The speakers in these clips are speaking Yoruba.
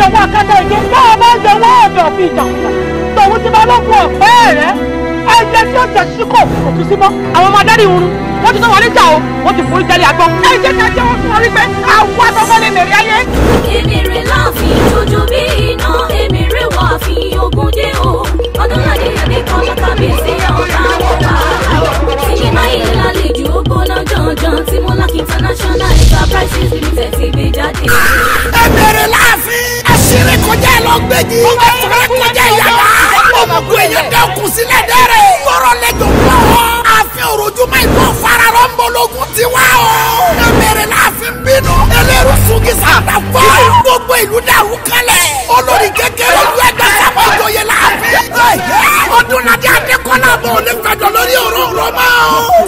jọ̀wọ́ akátá ìjọ bá a bá jọ̀wọ́ ọ̀dọ̀ fi ìjàkùmọ̀ tòun ti bá lókun ọ̀pẹ́ rẹ̀ ẹ̀jẹ̀ tí ó tẹ̀ sí kò kò tún sí mọ́ àwọn ọmọ adarí irun wọ́n ti sọ wọn níjà o wọ́n ti forí jẹ́lẹ̀ àgbọ̀ ẹ̀jẹ̀ tí a jẹ́ wọ́n fún wọn wípé àwọn àtọ́kọ́ lè mèrè ayé. èmèrè láàfin dúdú bí iná èmèrè wà fi ogun dé o ọdúnládé adékan lákàbíyèsí ọ̀rá ọ̀pá sinimá yìí lálejò ó gbóná jọ̀ọ̀jọ̀ tí mọ́lá international ọmọ gbẹji. ó bẹ sọ̀rọ̀ kọjá ìyàrá. ọmọ gbẹyẹ kẹ kù sílẹ̀ dẹrẹ. kọrọ lẹjọ fún ọ. àfin òrojúmọ ìtọ́ fara lọ ń bọlógún ti wá o. ẹbẹrẹ láàfin bínú. ẹlẹ́rú sunjú sàdá fọ́. gbogbo ìlú dàrú kalẹ̀. olórí kékeré ojú ẹ̀dá sábà jọyẹ láàfin. ọdún ladi adékọ́lá bọ̀ ní fẹjọ lórí ọ̀rọ̀ ọ̀rọ̀ mọ́.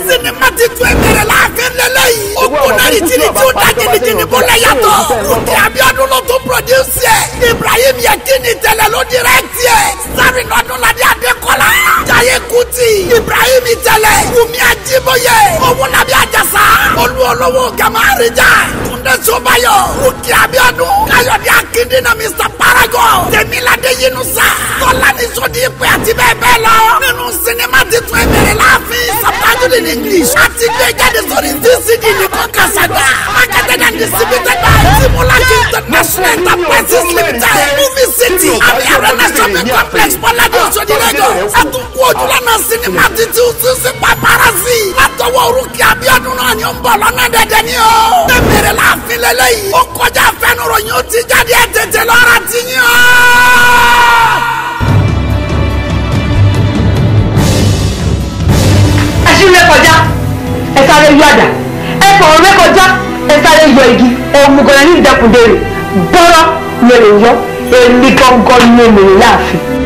sinimá ti tún ẹbẹrẹ láàfin lélẹ́yìí. ó kún náà ní tìrìtì ó dá jìnnìjìnnì bọ́lẹ̀ yàtọ̀. kùtì abiodun ló tún pọ̀díùsì ẹ̀ fíìmù yẹn kí ni tẹ́lẹ̀ ló dírẹ́tì ẹ̀. sáré nọdúnladé adékọ́lá. jaye kuti ibrahim tẹ́lẹ̀ wumi ajiboye owolabi ajasa olúolówó gamarija tunde sobayọ òkè abiodun káyọ̀dé akíndínà mr paragon tẹ̀míládé yinusa tọ́lání sọ́dí ìpè àti bẹ́ẹ̀ bẹ́ẹ̀ lọ. nínú sinimá titun ẹ̀mẹ̀rẹ̀ láàfin subtitled in english àti gbé jáde sórí tcd nìkan kàṣàgbà marketed and distributed by simulac international enterprises limited ní complex bọ́ládé òṣòdìlẹ́jọ́ ẹ̀túnkù ojúlọ́nà sinimá títí sísí paparazzi látọwọ́ orúkẹ́ abíọ́dún náà ni ó ń bọ̀ lọ́nà dẹ́dẹ́ ni o. bẹ́ẹ̀rẹ̀ la fi lélẹ́yìí ó kọjá fẹ́nuròyìn ó ti jáde ẹ̀ tètè lọ́ra ti yín o. ẹṣin lè kọjá ẹ sáré yọ àdá ẹ fọ̀rọ̀ lè kọjá ẹ sáré yọ igi ọ̀mùgọ̀rẹ́ ní ìdẹkùndé rẹ̀ bọ́rọ̀ lè yọ èmi gangan ni ènìyàn láàfin.